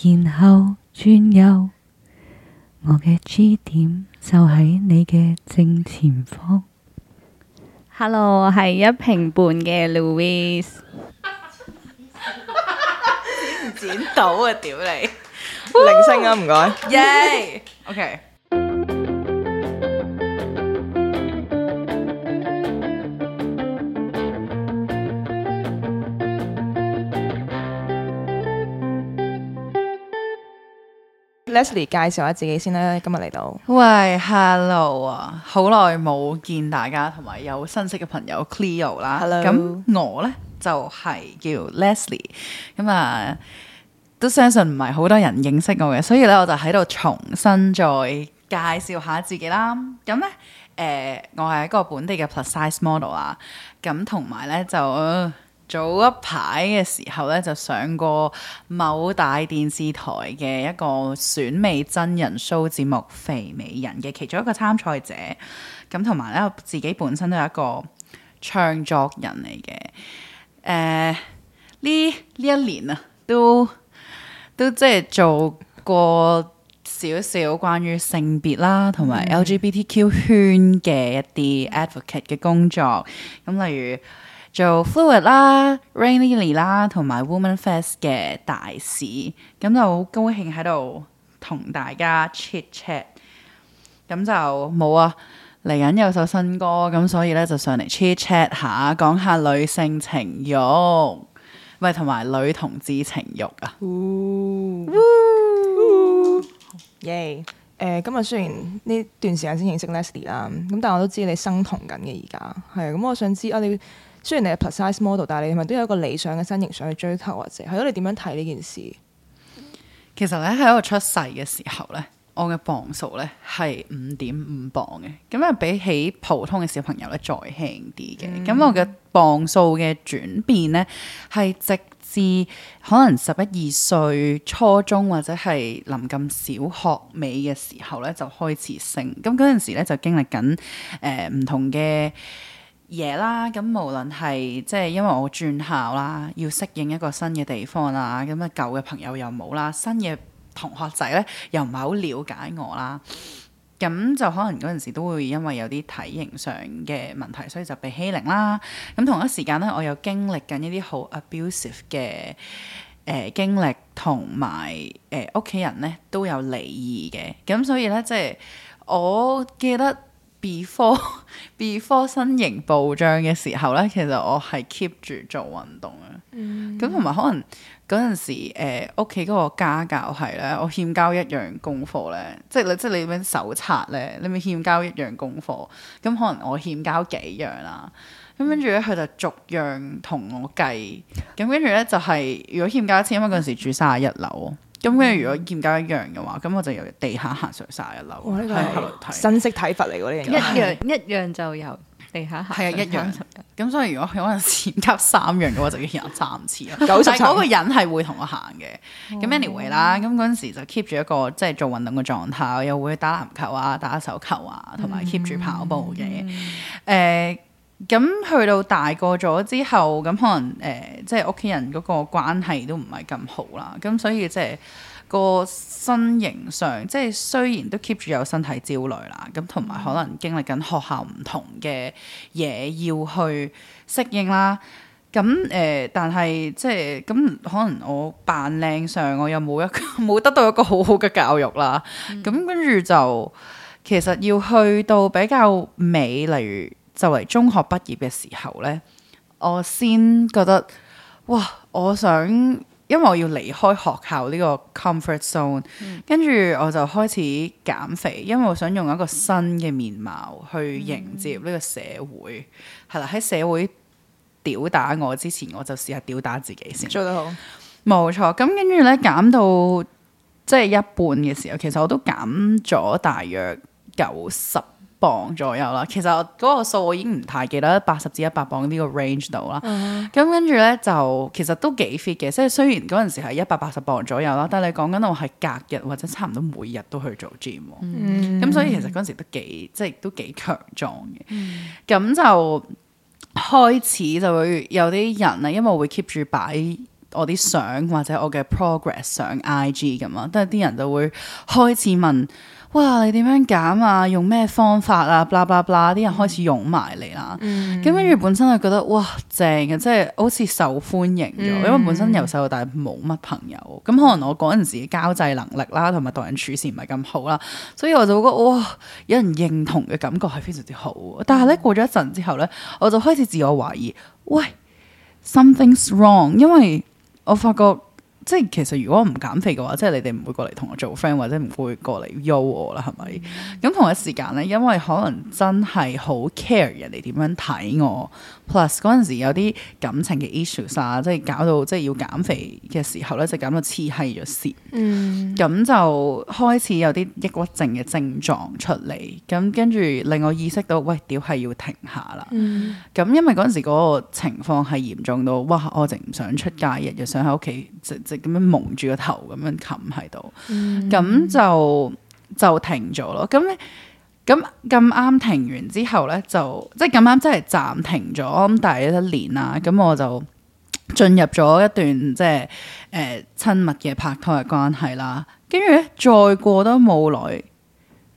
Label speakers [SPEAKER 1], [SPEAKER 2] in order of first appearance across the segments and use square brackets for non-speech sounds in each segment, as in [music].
[SPEAKER 1] 然後轉右，我嘅 G 點就喺你嘅正前方。Hello，我係一坪半嘅
[SPEAKER 2] Louise。哈 [laughs] [laughs]
[SPEAKER 3] 剪唔剪到啊？屌你！
[SPEAKER 2] 鈴聲啊，唔該。耶 OK Lezlie 介紹下自己先啦，今日嚟到。喂，Hello
[SPEAKER 3] 啊，好耐冇見大家，同埋有，有新識嘅朋友 Cleo 啦。Hello。咁我呢，就係叫 Lezlie，咁啊都相信唔係好多人認識我嘅，所以咧我就喺度重新再介紹下自己啦。咁呢，誒、呃，我係一個本地嘅 Plus Size Model 啊，咁同埋呢，就。早一排嘅時候咧，就上過某大電視台嘅一個選美真人 show 節目《肥美人》嘅其中一個參賽者，咁同埋咧，我自己本身都係一個唱作人嚟嘅。誒、呃，呢呢一年啊，都都即係做過少少關於性別啦，同埋 LGBTQ 圈嘅一啲 advocate 嘅工作，咁例如。嗯做 Fluid 啦、Rainily 啦，同埋 Woman Fest 嘅大使，咁就好高興喺度同大家 chit chat。咁就冇啊，嚟緊有首新歌，咁所以咧就上嚟 chit chat 下，講下女性情慾，喂，同埋女同志情慾啊！
[SPEAKER 2] 耶，o o y 誒，今日雖然呢段時間先認識 Lezlie 啦，咁但係我都知你生同緊嘅而家，係啊，咁、嗯、我想知啊你。雖然你係 plus size model，但係你係咪都有一個理想嘅身形想去追求或者？係咯，你點樣睇呢件事？其實咧，喺我出世嘅時候咧，我嘅磅數咧係五點五
[SPEAKER 3] 磅嘅，咁啊比起普通嘅小朋友咧再輕啲嘅。咁、嗯、我嘅磅數嘅轉變咧，係直至可能十一二歲、初中或者係臨近小學尾嘅時候咧，就開始升。咁嗰陣時咧就經歷緊誒唔同嘅嘢啦，咁無論係即係因為我轉校啦，要適應一個新嘅地方啦，咁啊舊嘅朋友又冇啦，新嘅同學仔呢，又唔係好了解我啦，咁就可能嗰陣時都會因為有啲體型上嘅問題，所以就被欺凌啦。咁同一時間呢，我又經歷緊一啲好 abusive 嘅誒、呃、經歷，同埋誒屋企人呢都有離異嘅，咁所以呢，即係我記得。before before 身形暴漲嘅時候咧，其實我係 keep 住做運動啊。咁同埋可能嗰陣時，誒屋企嗰個家教係咧，我欠交一樣功課咧，即係即係你咪手冊咧，你咪欠交一樣功課。咁可能我欠交幾樣啦、啊。咁跟住咧，佢就逐樣同我計。咁跟住咧就係、是、如果欠交一千，蚊，因為嗰時住三十一樓。咁跟住如果欠交一樣嘅話，咁我就由地下行上晒一樓，喺客樓睇。新式體罰嚟喎呢樣。一樣一樣就由地下行。係啊， [laughs] 一樣。咁所以如果有陣時前級三樣嘅話，就要入三次咯。 [laughs] [laughs] 但係嗰個人係會同我行嘅。咁 [laughs] anyway 啦，咁嗰陣時就 keep 住一個即係、就是、做運動嘅狀態，又會打籃球啊、打手球啊，同埋 keep 住跑步嘅。誒、嗯。嗯嗯。咁去到大個咗之後，咁可能誒、呃，即係屋企人嗰個關係都唔係咁好啦。咁所以即係個身形上，即係雖然都 keep 住有身體焦慮啦。咁同埋可能經歷緊學校唔同嘅嘢要去適應啦。咁誒、呃，但係即係咁可能我扮靚上，我又冇一個冇 [laughs] 得到一個好好嘅教育啦。咁、嗯、跟住就其實要去到比較美，例如。就嚟中學畢業嘅時候呢我先覺得哇！我想，因為我要離開學校呢個 comfort zone，跟住、嗯、我就開始減肥，因為我想用一個新嘅面貌去迎接呢個社會。係啦、嗯，喺社會屌打我之前，我就試下屌打自己先，做得好，冇錯。咁跟住呢，減到即係一半嘅時候，其實我都減咗大約九十。磅左右啦，其實嗰個數我已經唔太記得，八十至一百磅呢個 range 度啦。咁、啊、跟住呢，就其實都幾 fit 嘅，即係雖然嗰陣時係一百八十磅左右啦，但你講緊我係隔日或者差唔多每日都去做 gym，咁所以其實嗰陣時都幾、嗯、即係都幾強壯嘅。咁、嗯、就開始就會有啲人咧、啊，因為我會 keep 住擺我啲相或者我嘅 progress 上 IG 咁啊，但係啲人就會開始問。哇！你點樣減啊？用咩方法啊？blah blah blah，啲人開始湧埋嚟啦。咁跟住本身係覺得哇正嘅、啊，即係好似受歡迎咗。Mm. 因為本身由細到大冇乜朋友，咁可能我嗰陣時嘅交際能力啦，同埋待人處事唔係咁好啦，所以我就會覺得哇，有人認同嘅感覺係非常之好、啊。但係咧過咗一陣之後咧，我就開始自我懷疑。喂，something's wrong，因為我發覺。即係其實如果我唔減肥嘅話，即係你哋唔會過嚟同我做 friend，或者唔會過嚟喐我啦，係咪？咁、嗯、同一時間咧，因為可能真係好 care 人哋點樣睇我。Plus 嗰陣時有啲感情嘅 issues 啊，即係搞到即係要減肥嘅時候咧，就感覺黐閪咗線。咁、嗯、就開始有啲抑鬱症嘅症狀出嚟。咁跟住令我意識到，喂，屌係要停下啦。咁、嗯、因為嗰陣時嗰個情況係嚴重到，哇！我淨唔想出街日，日日想喺屋企。就咁樣蒙住個頭咁樣冚喺度，咁、嗯、就就停咗咯。咁咧，咁咁啱停完之後咧，就即係咁啱，即係暫停咗。咁但係一年一、呃、啦，咁我就進入咗一段即係誒親密嘅拍拖嘅關係啦。跟住咧，再過都冇耐，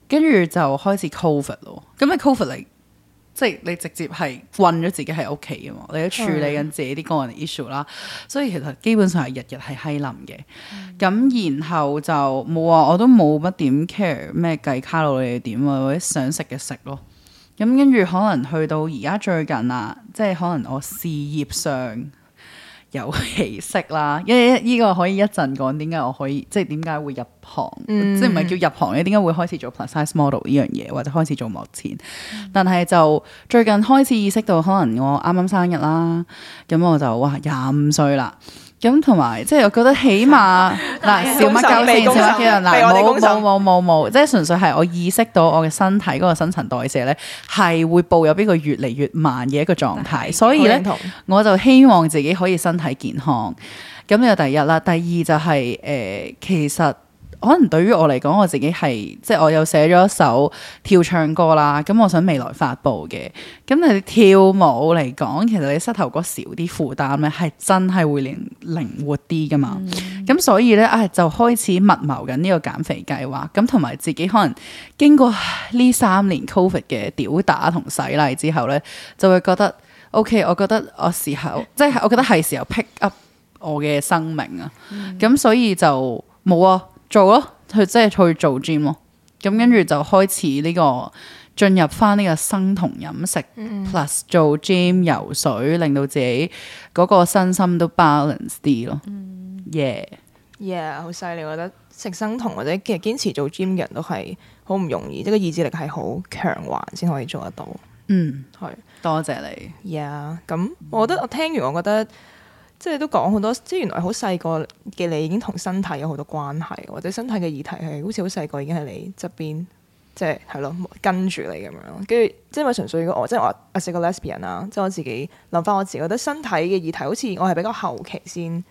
[SPEAKER 3] 跟住就開始 Covid 咯。咁、那、咪、個、Covid 嚟？即係你直接係困咗自己喺屋企啊嘛，你都處理緊自己啲個人 issue 啦，所以其實基本上係日日係閪腍嘅。咁、嗯、然後就冇啊，我都冇乜點 care 咩計卡路里點啊，或者想食嘅食咯。咁跟住可能去到而家最近喇，即係可能我事業上。有氣息啦，因為呢個可以一陣講點解我可以，即係點解會入行，嗯、即係唔係叫入行嘅，你點解會開始做 plus size model 呢樣嘢，或者開始做幕前，嗯、但係就最近開始意識到，可能我啱啱生日啦，咁我就哇廿五歲啦。咁同埋，即係我覺得起碼嗱，小乜教先，少乜嗱，冇冇冇冇冇，即係純粹係我意識到我嘅身體嗰個新陳代謝咧，係會步入呢個越嚟越慢嘅一個狀態，是所以咧，我就希望自己可以身體健康。咁呢個第一啦，第二就係、是、誒、呃，其實。可能對於我嚟講，我自己係即係我有寫咗一首跳唱歌啦，咁、嗯、我想未來發布嘅。咁你跳舞嚟講，其實你膝頭哥少啲負擔咧，係真係會靈靈活啲㗎嘛。咁、嗯、所以咧，唉、哎，就開始密謀緊呢個減肥計劃。咁同埋自己可能經過呢三年 Covid 嘅屌打同洗禮之後咧，就會覺得 OK，我覺得我時候、嗯、即係我覺得係時候 pick up 我嘅生命啊。咁、嗯、所以就冇啊。做咯，佢即係去做 gym 咯，咁跟住就開始呢個進入翻呢個生酮飲食，嗯嗯，plus 做 gym 游水，令到自己嗰個身心都 balance 啲咯。Yeah，yeah，
[SPEAKER 2] 好犀利！我覺得食生酮或者其實堅持做 gym 嘅人都係好唔容易，即係意志力係好強橫先可以做得到。嗯，係，多謝你。Yeah，咁我覺得我聽完我覺得。嗯即係都講好多，即係原來好細個嘅你已經同身體有好多關係，或者身體嘅議題係好似好細個已經喺你側邊，即係係咯跟住你咁樣。跟住即係因純粹我即係我，阿係個 lesbian 啦、啊，即係我自己諗翻我自己覺得身體嘅議題，好似我係比較後期先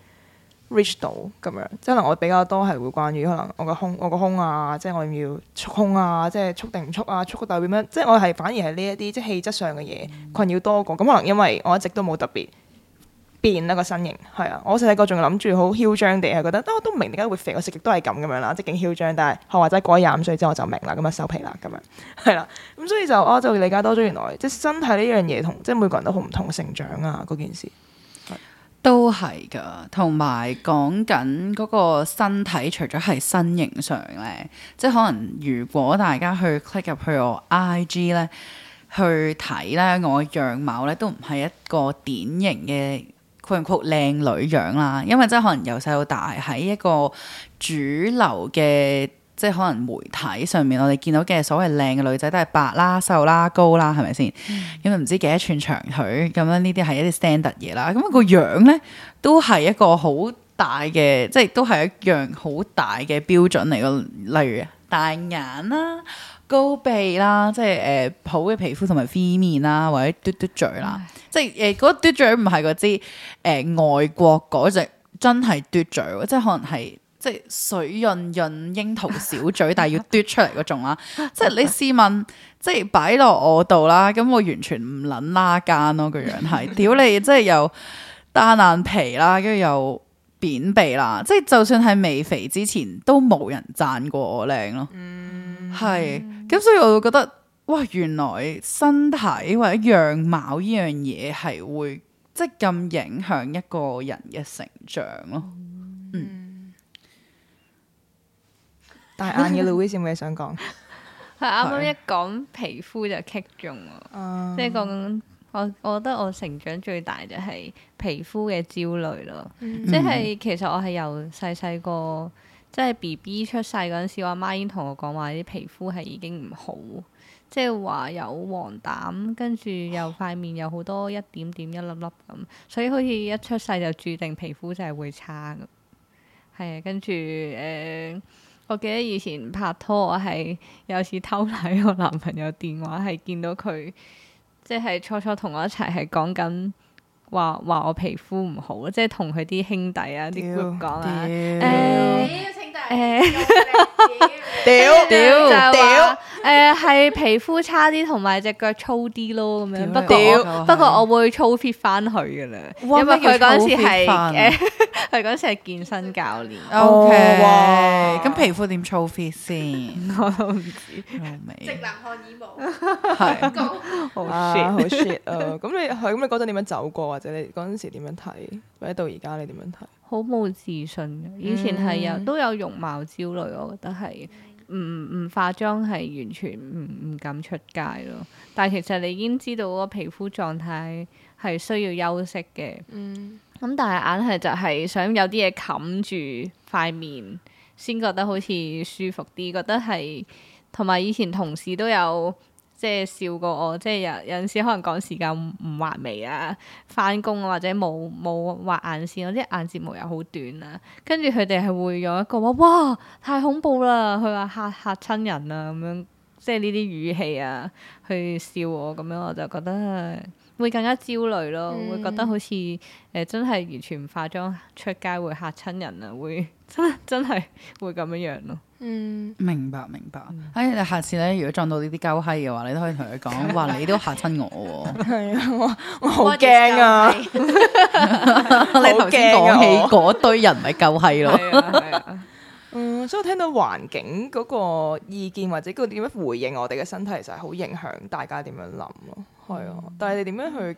[SPEAKER 2] reach 到咁樣。即係可能我比較多係會關於可能我個胸、我個胸啊，即係我要唔要束胸啊，即係束定唔束啊，束個代表咩？即係我係反而係呢一啲即係氣質上嘅嘢困擾多過咁。可能因為我一直都冇特別。變啦，個身形，係啊！我細個仲諗住好囂張地，係覺得都都唔明點解會肥，我食極都係咁咁樣啦，即係勁囂張。但係學話齋過廿五歲之後，我就明啦，咁啊收皮啦咁樣，係啦。咁所以就我就理解多咗，原來即係身體呢樣嘢同即係每個人都好唔同成長啊，嗰件事都係噶。同埋講緊嗰個身體，除
[SPEAKER 3] 咗係身形上咧，即係可能如果大家去 click 入去我 IG 咧，去睇咧我樣貌咧，都唔係一個典型嘅。酷唔酷？靚女樣啦，因為真係可能由細到大喺一個主流嘅即係可能媒體上面，我哋見到嘅所謂靚嘅女仔都係白啦、瘦啦、高啦，係咪先？咁唔、嗯嗯、知幾多寸長腿咁樣，呢啲係一啲 standard 嘢啦。咁個樣呢，都係一個好大嘅，即係都係一樣好大嘅標準嚟咯。例如大眼啦、啊。高鼻啦，即係誒、呃、好嘅皮膚同埋 V 面啦，或者嘟嘟嘴啦，語即係誒嗰嘟嘴唔係嗰支誒外國嗰隻，真係嘟嘴，即係可能係即係水潤潤櫻桃小嘴，但係要嘟出嚟嗰種啦。 [laughs] 即係你試問，即係擺落我度啦，咁我完全唔撚拉間咯。個樣係屌你，即係又單眼皮啦，跟住又。扁鼻啦，即係就算係未肥之前，都冇人讚過我靚咯。係咁、嗯，所以我會覺得，哇，原來身體或者樣貌呢樣嘢係會即係咁影響一個人嘅成長咯。嗯，嗯大眼嘅 Louise 有冇嘢想講？係
[SPEAKER 1] 啱啱一講皮膚就棘中咯！即係講緊。我覺得我成長最大就係皮膚嘅焦慮咯，嗯、即係其實我係由細細個，即係 B B 出世嗰陣時，我阿媽已經同我講話啲皮膚係已經唔好，即係話有黃疸，跟住又塊面有好多一點點一粒粒咁，唉所以好似一出世就注定皮膚就係會差咁。係啊，跟住誒，我記得以前拍拖，我係有次偷睇我男朋友電話，係見到佢。即係初初同我一齊，係講緊話，話我皮膚唔好，即係同佢啲兄弟啊啲 group 講啊，誒屌，屌屌屌！誒係皮膚差啲，同埋隻腳粗啲咯，咁樣。不過不過，我會操 fit 翻佢噶啦，因為佢嗰時係誒，佢嗰時係健身教練。O K，
[SPEAKER 3] 咁皮
[SPEAKER 2] 膚點操 fit 先？我都唔知。直男
[SPEAKER 3] 看衣毛。係。好
[SPEAKER 2] shit 好 shit 啊！咁你係咁你嗰陣點樣走過，或者你嗰陣時點樣睇，或者到而家你點樣睇？好冇自信，以前係有，都有容
[SPEAKER 1] 貌焦慮，我覺得係。唔唔，化妝係完全唔，唔敢出街咯，但係其實你已經知道個皮膚狀態係需要休息嘅。咁、嗯、但係硬係就係想有啲嘢冚住塊面先覺得好似舒服啲，覺得係，同埋以前同事都有。即係笑過我，即係有有陣時可能趕時間唔畫眉啊，翻工啊或者冇冇畫眼線，或者眼睫毛又好短啊，跟住佢哋係會用一個話，哇太恐怖啦，佢話，吓嚇親人啊咁樣，即係呢啲語氣啊去笑我咁樣，我就覺得係。會更加焦慮咯，嗯、會覺得好似誒、呃、真係完全唔化妝出街會嚇親人啊，會呵呵真真係會咁樣樣咯。嗯，明，
[SPEAKER 3] 明白明白。唉、哎，你下次咧如果撞到呢啲鳩閪嘅話，你都可以同佢講，話你都嚇親我，哦、 [laughs] 我。
[SPEAKER 2] 係啊，我我驚啊。你頭先講起嗰
[SPEAKER 3] 堆人，咪鳩閪咯。 [laughs] [laughs]
[SPEAKER 2] 所以我聽到環境嗰個意見或者個點樣回應我哋嘅身體，其實係好影響大家點樣諗咯。係啊、嗯，但係你點樣去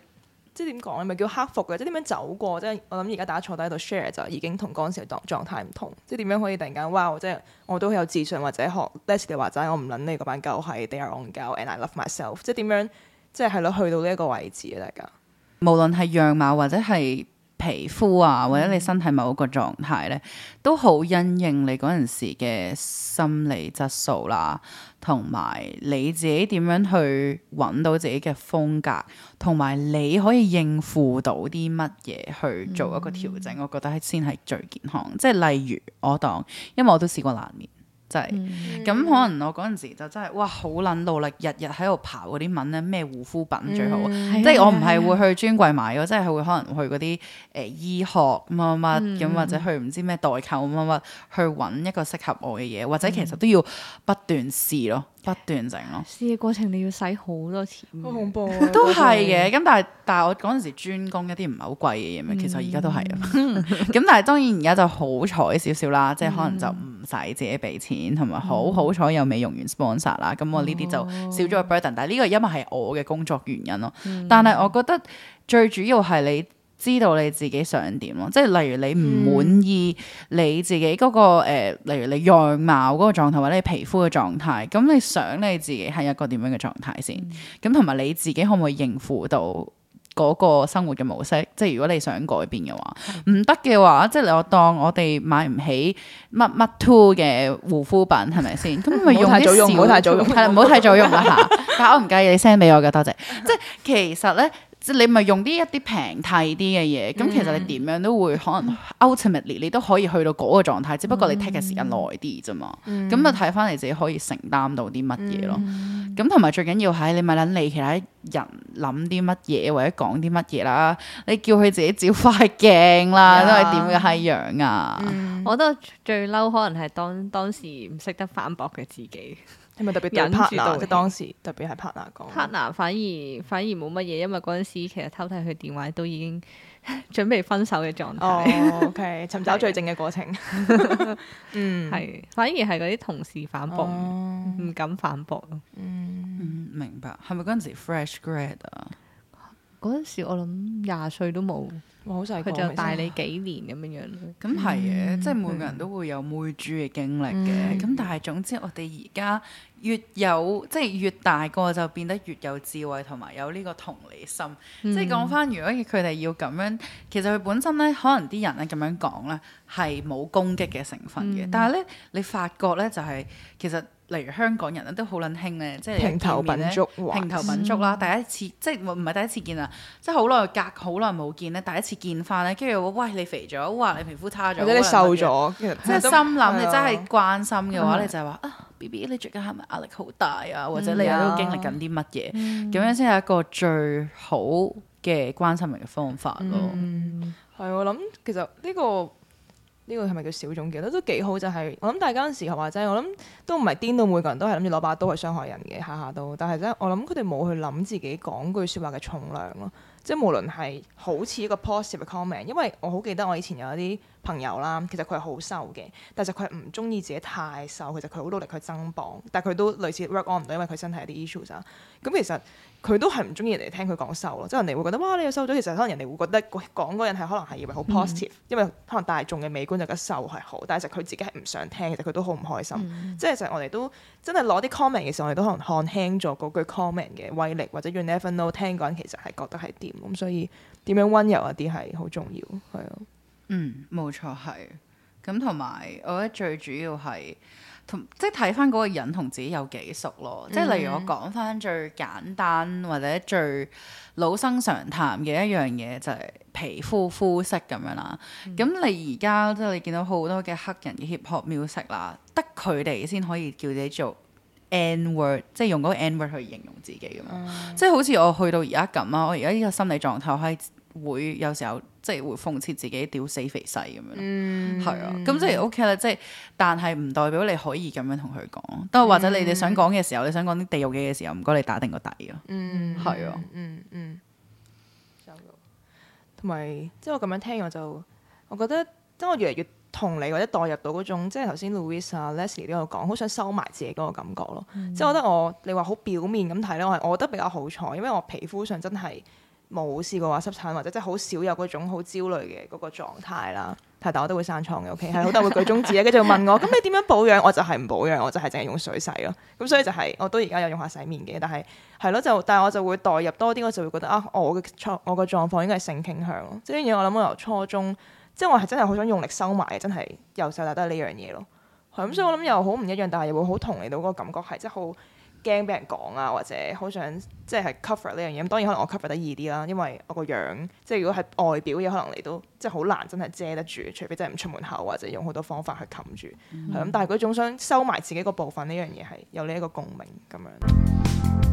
[SPEAKER 2] 即係點講你咪叫克服嘅，即係點樣走過？即係我諗而家大家坐低喺度 share 就已經同嗰陣時嘅狀態唔同。即係點樣可以突然間哇！即係我都有自信，或者學 Lezlie 話齋我唔諗你嗰班狗係 there on g i and I love myself。即係點樣？即係係咯，去到呢一個位置啊！大家
[SPEAKER 3] 無論係樣貌或者係。皮膚啊，或者你身體某一個狀態咧，都好因應你嗰陣時嘅心理質素啦，同埋你自己點樣去揾到自己嘅風格，同埋你可以應付到啲乜嘢去做一個調整，嗯、我覺得係先係最健康。即係例如我當，因為我都試過難面。就係、是，咁、嗯、可能我嗰陣時就真係，哇！好撚努力，日日喺度刨嗰啲文咧，咩護膚品最好？即係、嗯、我唔係會去專櫃買咯，即係會可能去嗰啲誒醫學乜乜咁，嗯、或者去唔知咩代購乜乜去揾一個適合我嘅嘢，或者其實都要不斷試咯。嗯不斷整咯，試
[SPEAKER 1] 嘅過程你要使好多錢，好恐怖、啊， [laughs] 都係嘅的。
[SPEAKER 3] 咁 [laughs] 但係但係我嗰陣時專攻一啲唔係好貴嘅嘢、嗯、其實而家都係，咁 [laughs] 但係當然而家就好彩少少啦，嗯、即係可能就唔使自己俾錢同埋好好彩有美容院 sponsor 啦。咁、嗯、我呢啲就少咗個 burden、哦。但係呢個因為係我嘅工作原因咯。嗯、但係我覺得最主要係你。知道你自己想點咯，即係例如你唔滿意你自己嗰、那個、嗯、例如你樣貌嗰個狀態或者你皮膚嘅狀態，咁你想你自己係一個點樣嘅狀態先？咁同埋你自己可唔可以應付到嗰個生活嘅模式？即係如果你想改變嘅話，唔得嘅話，即係我當我哋買唔起乜乜 two 嘅護膚品係咪先？咁咪用啲少，唔好太早用，係，唔好太早用啦吓。但係我唔介意你 send 俾我嘅，多謝。即係 [laughs] 其實咧。即係你咪用啲一啲平替啲嘅嘢，咁、嗯、其實你點樣都會可能 ultimately 你都可以去到嗰個狀態，嗯、只不過你 take 嘅時間耐啲啫嘛。咁啊睇翻你自己可以承擔到啲乜嘢咯。咁同埋最緊要係你咪諗你其他人諗啲乜嘢或者講啲乜嘢啦。你叫佢自己照塊鏡啦，嗯、都係點嘅樣、樣啊！嗯、
[SPEAKER 1] 我覺得我最嬲，可能係當當時唔識得反駁佢自己。係咪特別忍住到？即當
[SPEAKER 2] 時特別係 partner 講。Partner
[SPEAKER 1] 反而反而冇乜嘢，因為嗰陣時其實偷睇佢電話都已經準備分手嘅狀態。o、oh, k okay. [laughs] 尋找罪證嘅過程。
[SPEAKER 2] [laughs] [laughs]
[SPEAKER 1] 嗯，係反而係嗰啲同事反駁，唔、oh. 敢反駁咯。嗯，明白。係咪嗰陣時 fresh grad 啊？嗰陣時我諗廿歲都冇。好，佢就大你幾年咁樣、
[SPEAKER 3] 嗯、樣，咁係嘅，即係、就是、每個人都會有妹豬嘅經歷嘅。咁、嗯、但係總之，我哋而家越有，即、就、係、是、越大個就變得越有智慧同埋有呢個同理心。即係講翻，如果佢哋要咁樣，其實佢本身呢，可能啲人咧咁樣講呢，係冇攻擊嘅成分嘅。嗯、但係呢，你發覺呢，就係、是、其實。例如香港人咧都好撚興咧，即係評頭品足，評頭品足啦！第一次即係唔係第一次見啊！即係好耐隔好耐冇見咧，第一次見翻咧，跟住喂你肥咗，話你皮膚差咗，或者你瘦咗，
[SPEAKER 2] 即係心諗你真係
[SPEAKER 3] 關心嘅話，你就係話啊 B B 你最近係咪壓力好大啊？或者你又都經歷緊啲乜嘢？咁樣先係一個最好嘅關心人嘅方法咯。
[SPEAKER 2] 係我諗，其實呢個。呢個係咪叫小眾嘅？都都幾好，就係我諗大家嗰陣時候或即係我諗都唔係癲到每個人都係諗住攞把刀去傷害人嘅，下下都。但係真係，我諗佢哋冇去諗自己講句説話嘅重量咯。即係無論係好似一個 positive comment，因為我好記得我以前有一啲朋友啦，其實佢係好瘦嘅，但係就佢唔中意自己太瘦，其實佢好努力去增磅，但係佢都類似 work on 唔到，因為佢身體有啲 issues 啊。咁其實。佢都係唔中意人哋聽佢講瘦咯，即係人哋會覺得哇你又瘦咗，其實可能人哋會覺得講嗰人係可能係以為好 positive、嗯、因為可能大眾嘅美觀就覺得瘦係好，但係其實佢自己係唔想聽，其實佢都好唔開心。即係其實我哋都真係攞啲 comment 嘅時候，我哋都可能看輕咗嗰句 comment 嘅威力或者 you never know，聽嗰人，其實係覺得係點咁？所以點樣温柔一啲係好重要，係啊，嗯，冇錯係。
[SPEAKER 3] 咁同埋我覺得最主要係。同即係睇返嗰個人同自己有幾熟咯，即係例如我講返最簡單或者最老生常談嘅一樣嘢就係、是、皮膚膚色咁樣、嗯、啦。咁你而家即係你見到好多嘅黑人嘅 Hip Hop music 啦，得佢哋先可以叫你做 N word，即係用嗰個 N word 去形容自己㗎嘛。嗯、即係好似我去到而家咁啦，我而家呢個心理狀態係。會有時候即係會諷刺自己屌死肥細咁樣，係、嗯、啊，咁即係 OK 啦，即係但係唔代表你可以咁樣同佢講，都係、嗯、或者你哋想講嘅時候，嗯、你想講啲地獄嘢嘅時候，唔該你打定個底
[SPEAKER 2] 咯，係、嗯、啊，嗯嗯，同、嗯、埋、嗯、即係我咁樣聽我就，我覺得即係我越嚟越同你或者代入到嗰種，即係頭先 Louise 啊、Lezlie 都有講，好想收埋自己嗰個感覺咯，嗯、即係我覺得我你話好表面咁睇咧，我係我覺得比較好彩，因為我皮膚上真係。冇試過話濕疹或者即係好少有嗰種好焦慮嘅嗰個狀態啦。係，但我都會生瘡嘅。OK，係好多人會舉中指咧，跟住問我：咁 [laughs] 你點樣保養？我就係唔保養，我就係淨係用水洗咯。咁、嗯、所以就係、是、我都而家有用下洗面嘅，但係係咯，就但係我就會代入多啲，我就會覺得啊，我嘅狀我嘅狀況應該係性傾向。即係呢樣嘢我諗我由初中，即係我係真係好想用力收埋，真係由細大都係呢樣嘢咯。係、嗯、咁，所以我諗又好唔一樣，但係又會好同你到嗰、那個感覺係即係好。驚俾人講啊，或者好想即係 cover 呢樣嘢咁。當然可能我 cover 得易啲啦，因為我個樣即係如果係外表嘢，可能你都即係好難真係遮得住，除非真係唔出門口或者用好多方法去冚住咁。但係佢總想收埋自己個部分呢樣嘢，係、這個、有呢一個共鳴咁樣。嗯